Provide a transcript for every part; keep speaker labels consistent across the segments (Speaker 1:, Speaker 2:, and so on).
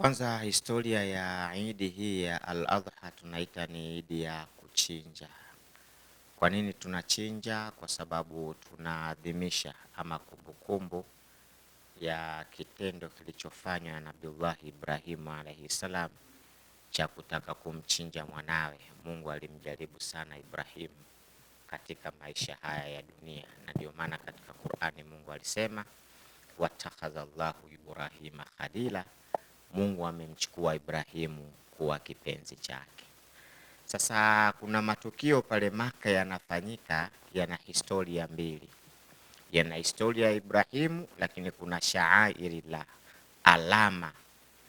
Speaker 1: Kwanza historia ya idi hii ya Al-Adha tunaita ni idi ya kuchinja. Kwa nini tunachinja? Kwa sababu tunaadhimisha ama kumbukumbu ya kitendo kilichofanywa na Nabiullahi Ibrahimu alaihi salam cha kutaka kumchinja mwanawe. Mungu alimjaribu sana Ibrahimu katika maisha haya ya dunia, na ndio maana katika Qur'ani Mungu alisema watakhadha Allahu Ibrahima khalila Mungu amemchukua Ibrahimu kuwa kipenzi chake. Sasa kuna matukio pale Maka yanafanyika, yana historia mbili, yana historia ya Ibrahimu, lakini kuna shaairi la alama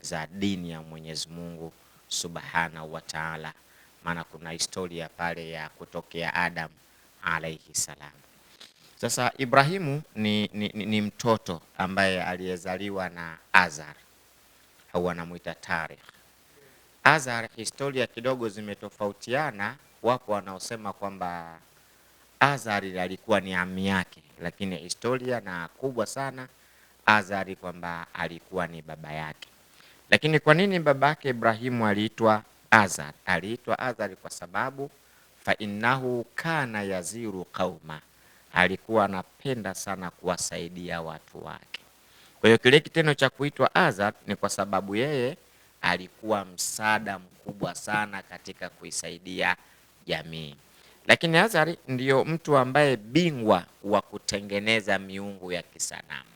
Speaker 1: za dini ya Mwenyezi Mungu Subhanahu wa Ta'ala, maana kuna historia pale ya kutokea Adam alaihi salam. Sasa Ibrahimu ni, ni, ni, ni mtoto ambaye aliyezaliwa na Azar au wanamuita tarikh. Azhar historia kidogo zimetofautiana, wapo wanaosema kwamba Azhari alikuwa ni ami yake, lakini historia na kubwa sana Azhari kwamba alikuwa ni baba yake. Lakini kwa nini baba yake Ibrahimu aliitwa Azhar? Aliitwa Azhar kwa sababu fa innahu kana yaziru qauma, alikuwa anapenda sana kuwasaidia watu wake. Kwa hiyo kile kitendo cha kuitwa Azat ni kwa sababu yeye alikuwa msaada mkubwa sana katika kuisaidia jamii. Lakini Azar ndiyo mtu ambaye bingwa wa kutengeneza miungu ya kisanamu,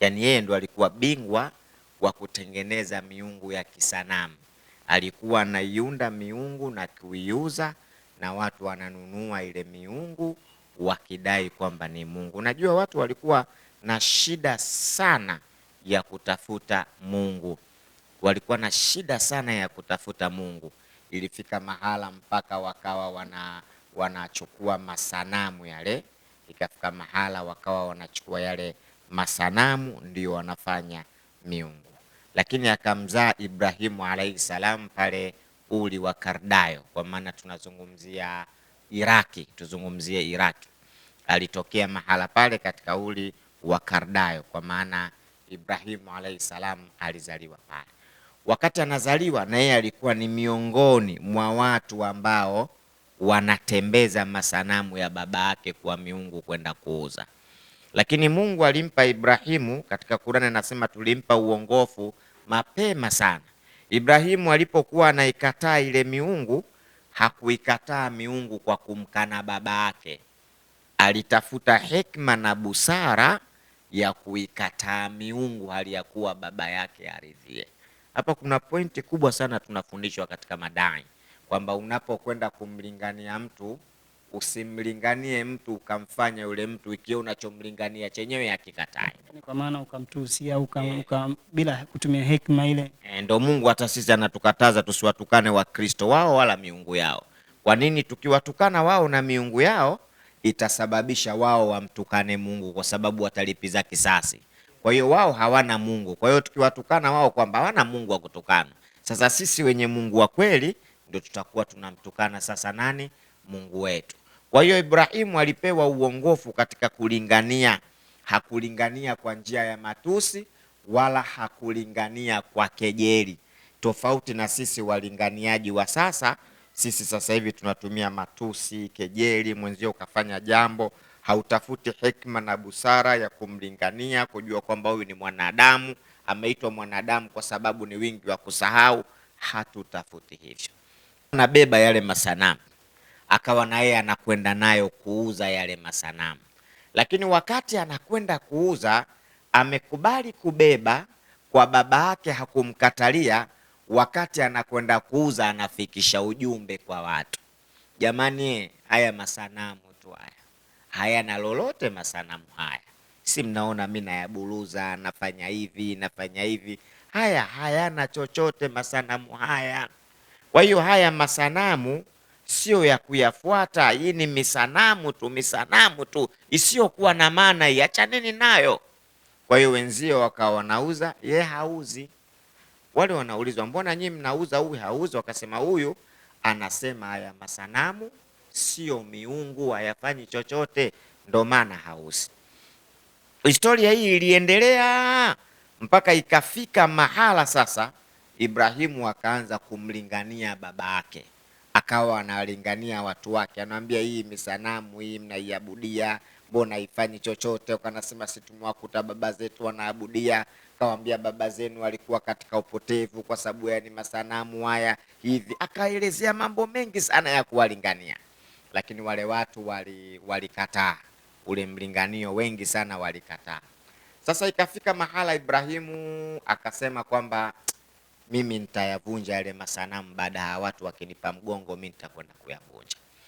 Speaker 1: yaani yeye ndo alikuwa bingwa wa kutengeneza miungu ya kisanamu. Alikuwa anaiunda miungu na kuiuza, na watu wananunua ile miungu wakidai kwamba ni Mungu. Najua watu walikuwa na shida sana ya kutafuta Mungu, walikuwa na shida sana ya kutafuta Mungu. Ilifika mahala mpaka wakawa wana wanachukua masanamu yale, ikafika mahala wakawa wanachukua yale masanamu ndio wanafanya miungu. Lakini akamzaa Ibrahimu alaihi salam pale uli wa Kardayo, kwa maana tunazungumzia Iraki, tuzungumzie Iraki. Alitokea mahala pale katika uli wakardayo kwa maana Ibrahimu alayhi salam alizaliwa pale. Wakati anazaliwa na yeye alikuwa ni miongoni mwa watu ambao wanatembeza masanamu ya baba yake kwa miungu kwenda kuuza, lakini Mungu alimpa Ibrahimu, katika Qur'ani anasema tulimpa uongofu mapema sana. Ibrahimu alipokuwa anaikataa ile miungu, hakuikataa miungu kwa kumkana baba yake, alitafuta hekima na busara ya kuikataa miungu hali ya kuwa baba yake aridhie. Hapa kuna pointi kubwa sana tunafundishwa katika madai kwamba unapokwenda kumlingania mtu usimlinganie mtu ukamfanya yule mtu ikiwa unachomlingania chenyewe akikatai,
Speaker 2: kwa maana au uka, e, uka, bila kutumia hekima ile.
Speaker 1: E, ndo Mungu hata sisi anatukataza tusiwatukane Wakristo wao wala miungu yao. Kwa nini tukiwatukana wao na miungu yao itasababisha wao wamtukane Mungu kwa sababu watalipiza kisasi. Kwa hiyo wao hawana Mungu, kwa hiyo tukiwatukana wao kwamba hawana Mungu wa kutukana, sasa sisi wenye Mungu wa kweli ndio tutakuwa tunamtukana sasa nani? Mungu wetu. Kwa hiyo Ibrahimu alipewa uongofu katika kulingania, hakulingania kwa njia ya matusi wala hakulingania kwa kejeli, tofauti na sisi walinganiaji wa sasa sisi sasa hivi tunatumia matusi, kejeli, mwenzio ukafanya jambo, hautafuti hekima na busara ya kumlingania, kujua kwamba huyu ni mwanadamu, ameitwa mwanadamu kwa sababu ni wingi wa kusahau. Hatutafuti hivyo. Anabeba yale masanamu, akawa na yeye anakwenda nayo kuuza yale masanamu, lakini wakati anakwenda kuuza amekubali kubeba kwa baba yake, hakumkatalia wakati anakwenda kuuza anafikisha ujumbe kwa watu. Jamani, haya masanamu tu haya hayana lolote, masanamu haya si mnaona mi nayaburuza, nafanya hivi nafanya hivi, haya hayana chochote masanamu haya. Kwa hiyo haya masanamu sio ya kuyafuata. Hii ni misanamu tu, misanamu tu isiyokuwa na maana hii, achaneni nayo. Kwa hiyo wenzio wakawa wanauza, ye hauzi. Wale wanaulizwa mbona nyinyi mnauza huyu hauzi, wakasema huyu anasema haya masanamu sio miungu, hayafanyi chochote, ndo maana hauzi. Historia hii iliendelea mpaka ikafika mahala sasa Ibrahimu akaanza kumlingania baba yake, akawa analingania watu wake, anawambia hii misanamu hii mnaiabudia, mbona haifanyi chochote? Wakanasema si tumewakuta baba zetu wanaabudia akawambia baba zenu walikuwa katika upotevu kwa sababu ya ni masanamu haya hivi, akaelezea mambo mengi sana ya kuwalingania, lakini wale watu wali walikataa ule mlinganio, wengi sana walikataa. Sasa ikafika mahala Ibrahimu akasema kwamba mimi nitayavunja yale masanamu, baada ya watu wakinipa mgongo, mimi nitakwenda kuyavunja.